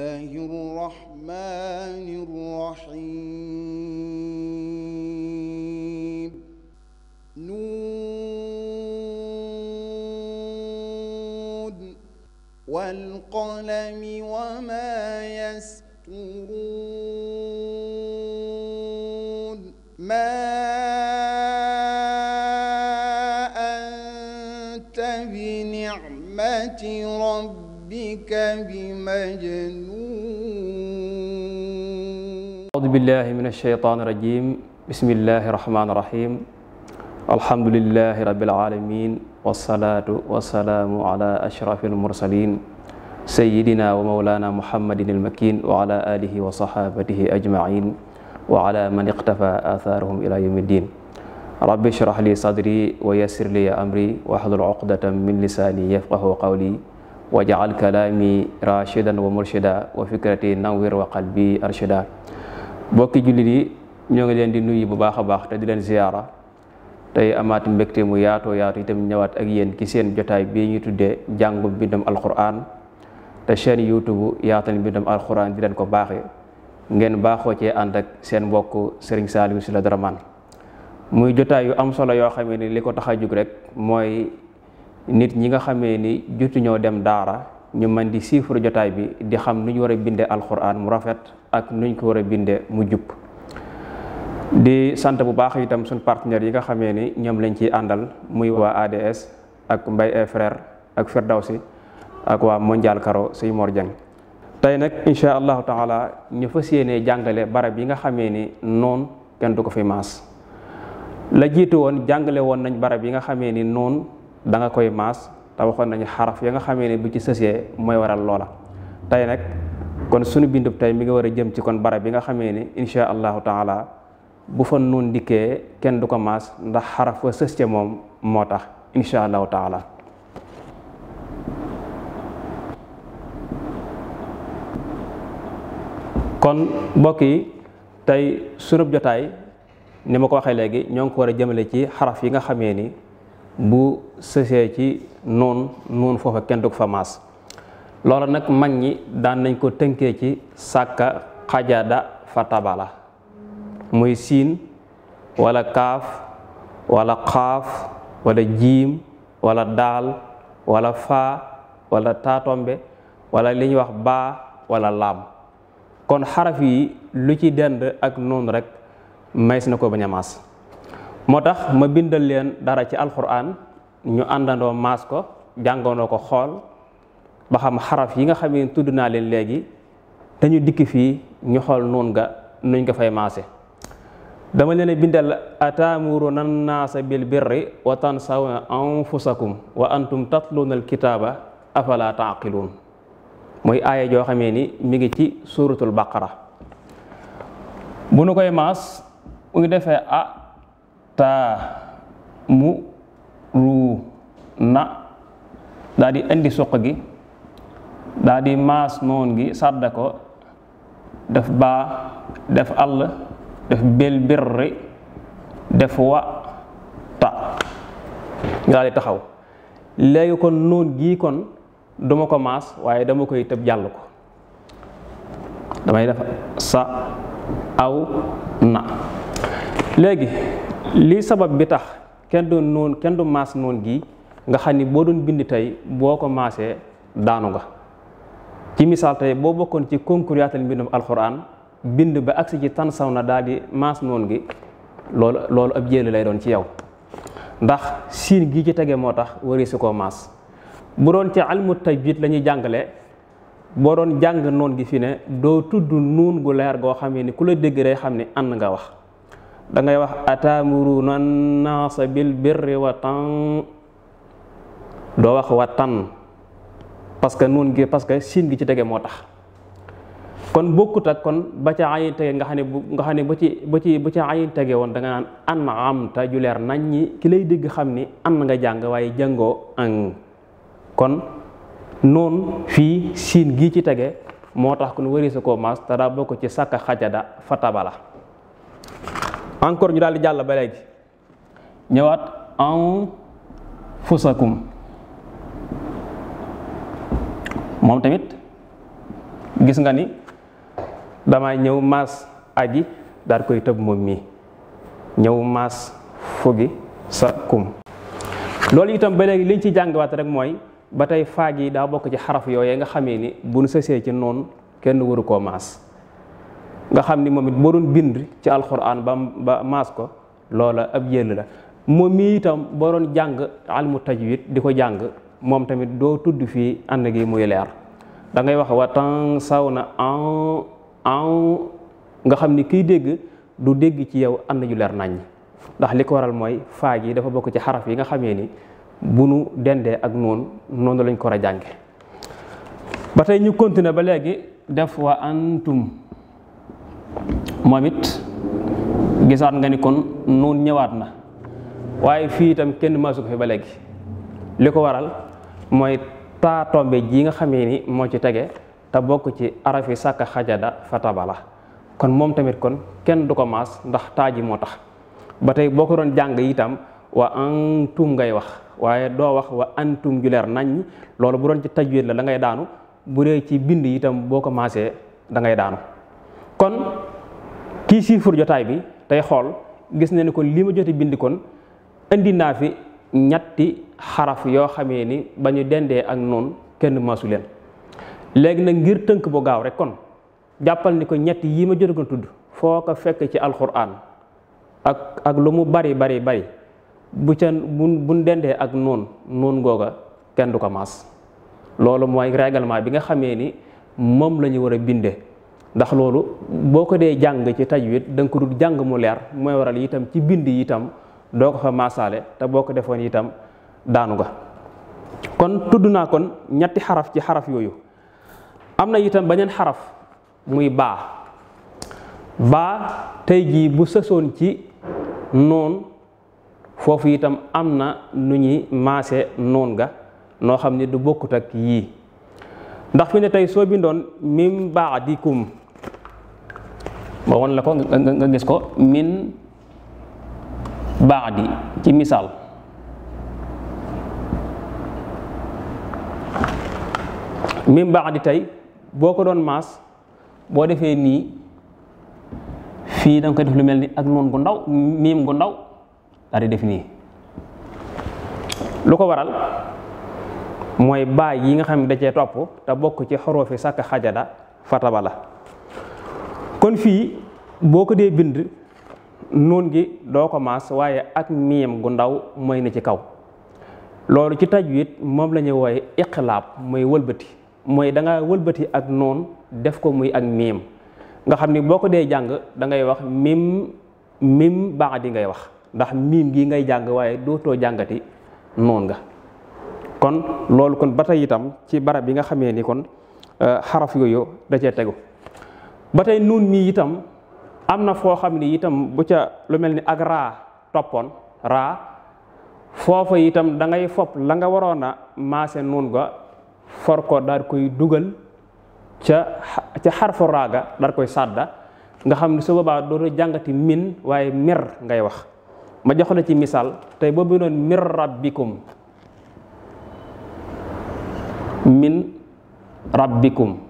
الله الرحمن الرحيم نون والقلم وما يسطرون ما أنت بنعمة ربك ربك بمجنون أعوذ بالله من الشيطان الرجيم بسم الله الرحمن الرحيم الحمد لله رب العالمين والصلاة والسلام على أشرف المرسلين سيدنا ومولانا محمد المكين وعلى آله وصحابته أجمعين وعلى من اقتفى آثارهم إلى يوم الدين رب اشرح لي صدري ويسر لي أمري واحلل عقدة من لساني يفقه قولي wajaal kalaami rashidan wa murshida wa fikrati nawwir wa qalbi arshida bokki jullit yi ñoo ngi leen di nuyu bu baax a baax te di leen ziyaara tey amaat mbégte mu yaatoo yaatu tam ñëwaat ak yéen ki seen jotaay bi ñu tuddee njàngum mbindum alquran te chaîne youtube yaatal mbindum alquran di leen ko baaxee ngeen baaxoo cee ànd ak seen mbokk Serigne si la Dramane muy jotaay am solo yoo xam ne li ko tax jug rek nit ñi nga xamee ni jotuñoo dem daara ñu man di siifur jotaay bi di xam nu ñu war a bindee alxuraan mu rafet ak nuñ ko war a bindee mu jub di sant bu baax itam suñ partenaires yi nga xamee ni ñoom lañ ciy àndal muy waa ADS ak mbay et ak ak Firdawsi ak waa Mondial Karo Sëñ Mor Dieng tey nag incha allahu taala ñu fas yéenee jàngale barab yi nga xamee ni noon kenn du ko fi maas la jiitu woon jàngale woon nañ barab yi nga xamee ni noon danga koy maas te waxoon nañu xaraf ya nga xamee ne bu ci sësee mooy waral loola tey nag kon sunu bindub tey mi nga war a jëm ci kon barab bi nga xamee ni insha allahu taala bu fa nuun dikkee kenn du ko maas ndax xaraf wa sës moom moo tax insha allahu taala kon mbokk yi tey sunub jotaay ni ma ko waxee léegi ñoo ngi ko war a jëmale ci xaraf yi nga xamee ni bu sësee ci noon noon foofa kenn du ko fa maas loolu nag mag ñi daan nañ ko tënkee ci sàkka xajada fa tabala muy siin wala kaaf walla xaaf walla jiim walla daal walla faa wala taatombe wala li ñuy wax baa wala laam kon xaraf yi lu ci dend ak noonu rekk mays na ko bañ a maas moo tax ma bindal leen dara ci alxuraan ñu àndandoo maas ko jàngandoo ko xool ba xam xaraf yi nga xamee ne tudd naa leen léegi te ñu dikk fii ñu xool nuun nga nuñ ko fay maase dama leen a bindal ataamuruna annaasa bil birri wa tansawna anfusakum wa antum tatluuna alkitaaba afala taaqiluun muy aaya joo xamee ni mi ngi ci suuratul baqara bu nu koy maas mu ngi defee a ah, taa mu ruu na daa di indi suq gi daa di maas noon gi sàdda ko def baa def àll def bel birri def wa ta nga di taxaw léegi kon noon gi kon duma ko maas waaye dama koy tëb jàll ko damay def sa aw na léegi lii sabab bi tax kenn du noon kenn du maas noon gi nga xam ni boo doon bind tey boo ko maasee daanu nga ci misaal tey boo bokkoon ci concours yaatal mbindum alxuraan bind ba agsi ci tan na daal di maas noon gi loolu loolu ab jéelu lay doon ci yow ndax siin gi ci tege moo tax wari si koo maas bu doon ci almu tajwid lañuy ñuy jàngale boo doon jàng noon gi fi ne doo tudd nuun gu leer goo xamee ni ku la dégg day xam ne ànd nga wax dangay ngay wax ataamuruna naasa bil birri wa tan doo wax wa tan parce que nuun gi parce que siin gi ci tege moo tax kon bokkut ak kon ba ca ayin tege nga xam ne bu ba ci ba ci ba ca ayin tege woon da nga naan am ta ju nañ ñi ki lay dégg xam ni an nga jàng waaye jàngoo ang kon noonu fii siin gi ci tege moo tax kon wari sa ko maas te daa bokk ci sàkka xajada fatabala encore ñu daal di jàll ba léegi ñëwaat anfusakum moom tamit gis nga ni damay ñëw maas aji daal koy tëb moom mii ñëw maas fugi sa kum loolu itam ba léegi liñ ci jàngiwaat rek mooy ba tey faag yi daa bokk ci xaraf yooyee nga xamee ni bu nu sësee ci noonu kenn waru koo maas nga xam ni moom it boo doon bind ci alxuraan ba ba maas ko loola ab yëll la moom mii itam boo doon jàng almu wit di ko jàng moom tamit doo tudd fii ànd gi muy leer da ngay wax wa tan saw na an nga xam ni kiy dégg du dégg ci yow ànd ju leer naññ ndax li ko waral mooy faa yi dafa bokk ci xaraf yi nga xamee ni bu nu dendee ak noonu noonu lañ ko war a jànge ba tey ñu continuer ba léegi def wa antum moom it gisaat nga ni kon nuun ñëwaat na waaye fii itam kenn maasu ko fi ba léegi li ko waral mooy taa tombe ji nga xamee ni moo ci tege te bokk ci arafi sàkka xajada fatabala kon moom tamit kon kenn du ko maas ndax taa ji moo tax ba tey boo ko doon jàng itam wa antum ngay wax waaye doo wax wa antum ju leer nañ loolu bu doon ci taj tajwid la da ngay daanu bu dee ci bind yitam boo ko maasee dangay daanu kon kii siifur jotaay bi tey xool gis na ni kon li ma jote bind kon indi naa fi ñetti xaraf yoo xamee ni ba ñu dendee ak noonu kenn maasu leen léegi nag ngir tënk bu gaaw rek kon jàppal ni ko ñetti yii ma jot ko tudd foo ko fekk ci alxuraan ak ak lu mu bari bari bari bu ca bu bu dendee ak noonu noonu googa kenn du ko maas loolu mooy règlement bi nga xamee ni moom la war a bindee. ndax loolu boo ko dee jàng ci tajwid wit nga ko jàng mu leer mooy waral itam ci bind yi itam doo ko fa maasaale te boo ko defoon itam daanu nga kon tudd naa kon ñetti xaraf ci xaraf yooyu am na itam beneen xaraf muy baa baa tey jii bu sësoon ci noon foofu itam am na nu ñuy maase noon nga noo xam ni du bokkut ak yii ndax fi ne tey soo bindoon mim baadikum ba won la ko nga gis ko min di ci misaal min di tey boo ko doon maas boo defee nii fii da nga koy def lu mel ni ak noon gu ndaw miim gu ndaw daal di def nii lu ko waral mooy baay yi nga xam ne da cee topp te bokk ci xoroofi sàkk xajada fataba la kon fii boo ko dee bind nuun gi doo ko maas waaye ak miim gu ndaw mooy na ci kaw loolu ci taj tajwid moom lañuy ñuy wooye mooy wëlbati mooy da nga wëlbati ak noon def ko muy ak miim nga xam ni boo ko dee jàng dangay wax miim mim baax di ngay wax ndax miim gi ngay jàng waaye dootoo jàngati noon nga kon loolu kon ba tey itam ci barab yi nga xamee ni kon eh, xaraf yooyu da cee tegu ba nuun mii itam am na foo xam ni itam bu ca lu mel ni ak raa toppoon raa foofa itam dangay ngay fopp la nga waroon a maase nuun ga for ko daal koy dugal ca ca xarfu raaga daal koy sàdda nga xam ne su boobaa doo jàngati miin waaye mir ngay wax ma jox la ci misaal tey boo bindoon mir rabbikum min rabbikum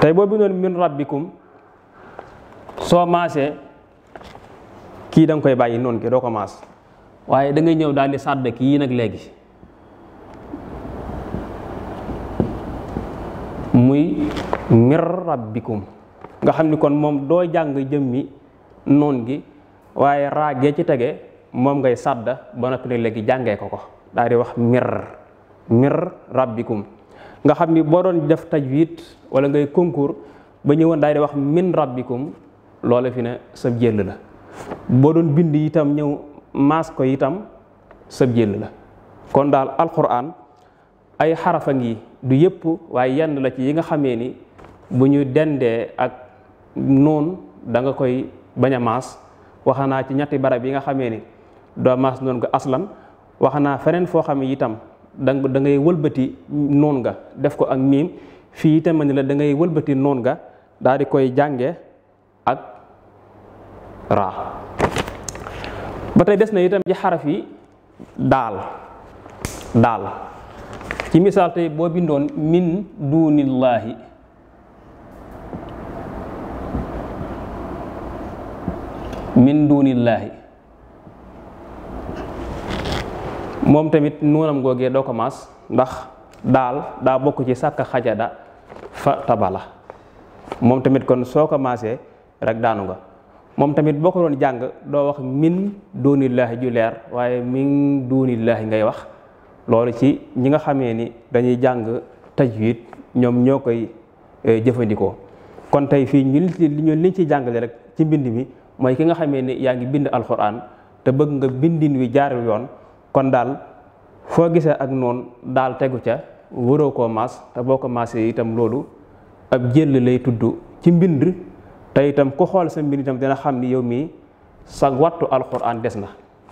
tey boo bindoon min rabbikum soo maasee kii da koy bàyyi noonu ki doo ko maas waaye dangay ñëw daal di sàdd kii nag léegi muy min rabbikum nga xam ni kon moom doo jàng jëmmi noon gi waaye raagee ci tege moom ngay sàdd ba noppi nag léegi jàngee ko ko daal di wax mir mir rabbikum nga xam ni boo doon def tajwid wala ngay concours ba ñëwoon daal di wax min rabbikum loola fi ne sab jëll la boo doon bind itam ñëw maas ko itam sab jël la kon daal alquran ay xarafa ngi du yëpp waaye yenn la ci yi nga xamee ni bu ñu dendee ak noon danga koy bañ a maas waxa naa ci ñetti barab yi nga xamee ni doo maas noonu ko aslan waxa naa feneen foo xam itam da da ngay wëlbati noon nga def ko ak miim fii itam ma ne la da wëlbati noon nga daal di koy jànge ak raa ba tey des na itam ci xaraf yi daal daal ci misaal tey boo bindoon min duunillaahi min duunillaahi moom tamit nuunam googee doo ko maas ndax daal daa bokk ci sàkk xajada fa tabala moom tamit kon soo ko maasee rek daanu nga moom tamit boo ko doon jàng doo wax min duunillaahi ju leer waaye min duunillaahi ngay wax loolu ci ñi nga xamee ni dañuy jàng tajwid ñoom ñoo koy eh, jëfandikoo kon tey fii ñu ñu liñ ci jàngale rek ci mbind mi mooy ki nga xamee ni yaa ngi bind alxuraan te bëgg nga bindin wi jaar yoon kon daal foo gisee ak noonu daal tegu ca waroo koo maas te boo ko maasee itam loolu ab jël lay tudd ci mbind te itam ku xool sa mbind itam dina xam ni yow mii sa wattu alxuraan des na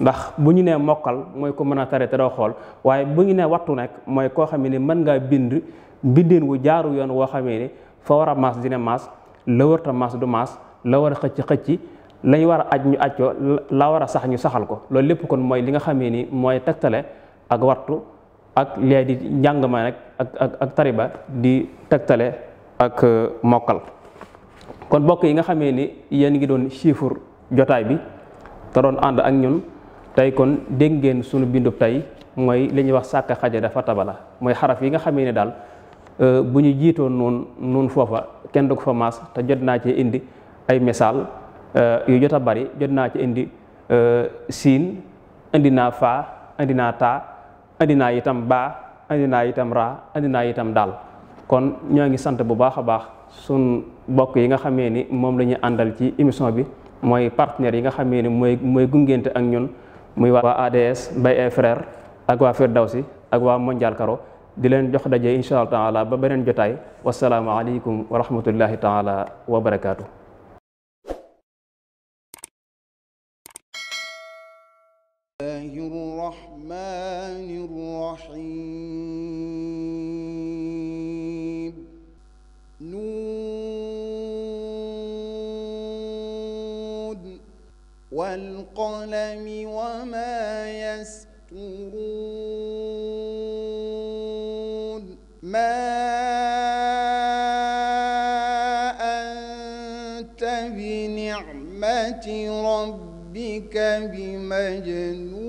ndax bu ñu nee mokkal mooy ko mën a tare te doo xool waaye bu ñu nee wattu nag mooy koo xam ne mën ngaa bind mbindeen wu jaaru yoon woo xamee ne fa war a maas dina maas la warta maas du maas la war a xëcc xëcci lañ war a aj ñu aj ko la war a sax ñu saxal ko loolu lépp kon mooy li nga xamee ni mooy tegtale ak wartu ak lee di njàng ma nag ak ak ak tariba di tegtale ak euh, mokkal kon mbokk yi nga xamee ni yéen ngi doon chiffre jotaay bi te doon ànd ak ñun tey kon dégg ngeen sunu bindub tey mooy lañuy wax sàkk xaja dafa tabala mooy xaraf yi nga xame ni daal euh, bu ñu jiitoo noonu noonu foofa kenn du ko fa maas te jot naa ci indi ay misaal Eh, yu jot a bari jot naa ci indi eh, siin indi naa faa indi naa taa indi naa itam baa indi naa itam raa indi naa itam daal kon ñoo ngi sant bu baax a baax sun mbokk yi nga xamee ni moom lañuy àndal ci émission bi mooy partenaires yi nga xamee ni mooy mooy gungente ak ñun muy waa ADS Mbaye et Frères ak waa Firdawsi ak waa Mondial Karo di leen jox daje incha allah taala ba beneen jotaay wasalaamualeykum alekum rahmatullahi taala wa barakaatu. والقلم وما يسطرون ما أنت بنعمة ربك بمجنون